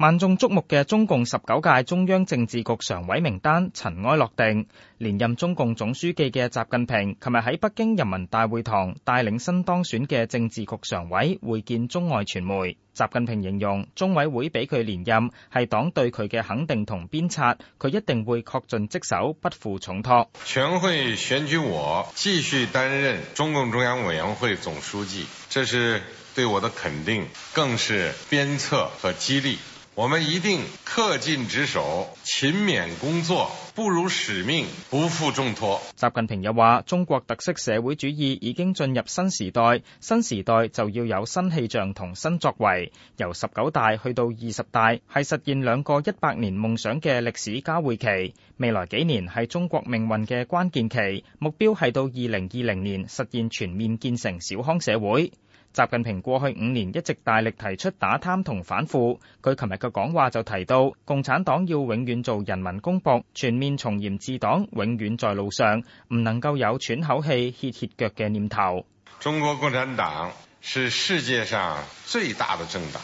萬眾矚目嘅中共十九屆中央政治局常委名單塵埃落定，連任中共總書記嘅習近平，琴日喺北京人民大會堂帶領新當選嘅政治局常委會見中外傳媒。習近平形容，中委會俾佢連任係黨對佢嘅肯定同鞭策，佢一定會恪盡職守，不負重託。全會選舉我繼續擔任中共中央委員會總書記，這是對我的肯定，更是鞭策和激勵。我們一定恪盡職守、勤勉工作，不辱使命，不負重託。習近平又話：中國特色社會主義已經進入新時代，新時代就要有新氣象同新作為。由十九大去到二十大，係實現兩個一百年夢想嘅歷史交匯期。未來幾年係中國命運嘅關鍵期，目標係到二零二零年實現全面建成小康社會。習近平過去五年一直大力提出打貪同反腐，佢琴日嘅講話就提到，共產黨要永遠做人民公僕，全面從嚴治黨永遠在路上，唔能夠有喘口氣歇歇腳嘅念頭。中國共產黨是世界上最大的政黨，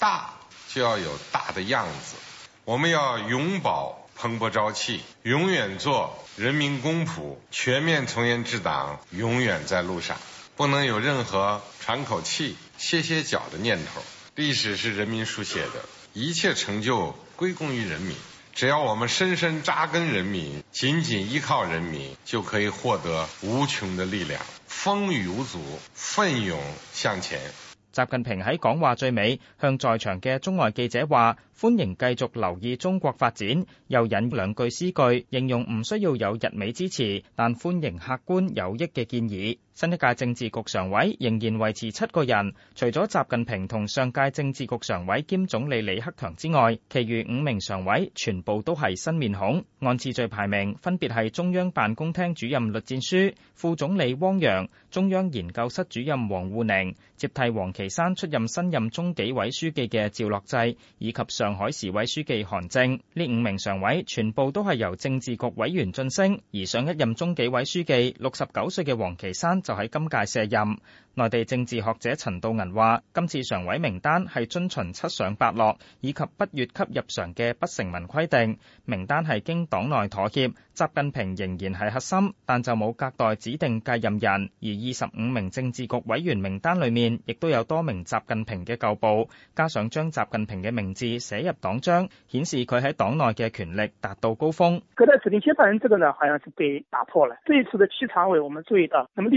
大就要有大的樣子，我們要永葆蓬勃朝氣，永遠做人民公僕，全面從嚴治黨永遠在路上。不能有任何喘口氣、歇歇腳的念頭。歷史是人民書寫的，一切成就歸功於人民。只要我們深深紮根人民，緊緊依靠人民，就可以獲得無窮的力量。風雨無阻，奮勇向前。習近平喺講話最尾，向在場嘅中外記者話：歡迎繼續留意中國發展。又引兩句詩句，形容唔需要有日美支持，但歡迎客觀有益嘅建議。新一屆政治局常委仍然維持七個人，除咗習近平同上屆政治局常委兼總理李克強之外，其餘五名常委全部都係新面孔。按次序排名，分別係中央辦公廳主任栗戰書，副總理汪洋，中央研究室主任王滬寧，接替王岐山出任新任中紀委書記嘅趙樂際，以及上海市委書記韓正。呢五名常委全部都係由政治局委員晉升，而上一任中紀委書記 ,69 歲嘅王岐山就喺今屆卸任。內地政治學者陳道銀話：今次常委名單係遵循七上八落以及不越級入常嘅不成文規定，名單係經黨內妥協。習近平仍然係核心，但就冇隔代指定繼任人。而二十五名政治局委員名單裏面，亦都有多名習近平嘅舊部，加上將習近平嘅名字寫入黨章，顯示佢喺黨內嘅權力達到高峰。隔代指定繼任人，這個呢，好像是被打破了。這次的七常委，我們注意到，麼地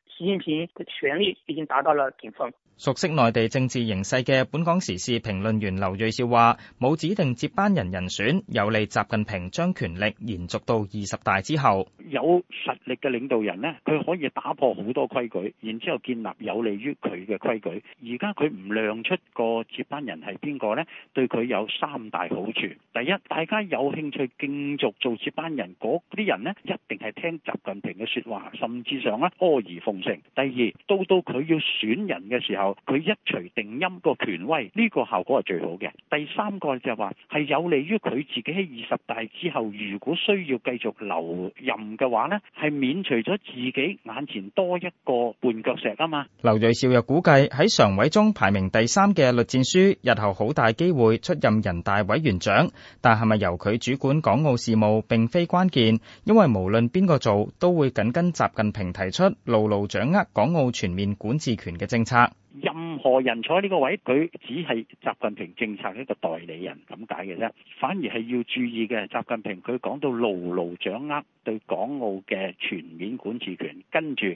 習近平嘅權力已經達到了頂峰。熟悉內地政治形勢嘅本港時事評論員劉銳紹話：冇指定接班人人選，有利習近平將權力延續到二十大之後。有實力嘅領導人呢，佢可以打破好多規矩，然之後建立有利於佢嘅規矩。而家佢唔亮出個接班人係邊個呢？對佢有三大好處。第一，大家有興趣競逐做接班人嗰啲人呢，一定係聽習近平嘅説話，甚至上呢，阿諛奉。第二，到到佢要選人嘅時候，佢一錘定音個權威，呢個效果係最好嘅。第三個就係話，係有利於佢自己喺二十大之後，如果需要繼續留任嘅話，呢係免除咗自己眼前多一個絆腳石啊嘛。劉瑞少又估計，喺常委中排名第三嘅栗戰書日後好大機會出任人大委員長，但係咪由佢主管港澳事務並非關鍵，因為無論邊個做，都會緊跟習近平提出路路。牢牢掌握港澳全面管治權嘅政策，任何人坐呢個位，佢只係習近平政策一個代理人咁解嘅啫。反而係要注意嘅，習近平佢講到牢牢掌握對港澳嘅全面管治權，跟住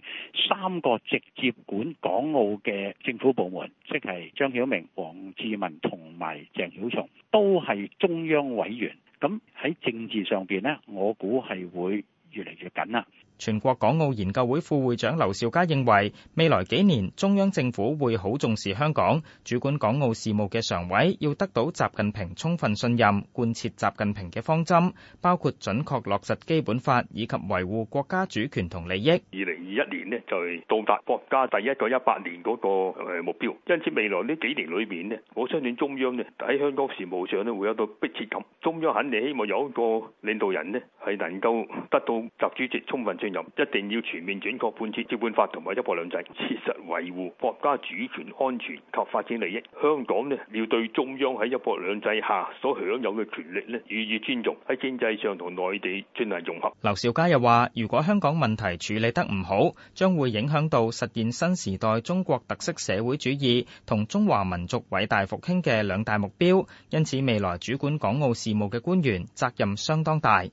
三個直接管港澳嘅政府部門，即係張曉明、王志民同埋鄭曉松，都係中央委員。咁喺政治上邊咧，我估係會越嚟越緊啦。全國港澳研究會副會長劉兆佳認為，未來幾年中央政府會好重視香港，主管港澳事務嘅常委要得到習近平充分信任，貫徹習近平嘅方針，包括準確落實基本法以及維護國家主權同利益。二零二一年咧就到達國家第一個一百年嗰個誒目標，因此未來呢幾年裏邊咧，我相信中央咧喺香港事務上咧會有一個迫切感，中央肯定希望有一個領導人咧係能夠得到習主席充分。一定要全面準確貫徹基本法同埋一國兩制，切實維護國家主權安全及發展利益。香港咧要對中央喺一國兩制下所享有嘅權力咧予以尊重，喺經濟上同內地進行融合。劉兆佳又話，如果香港問題處理得唔好，將會影響到實現新時代中國特色社會主義同中華民族偉大復興嘅兩大目標。因此，未來主管港澳事務嘅官員責任相當大。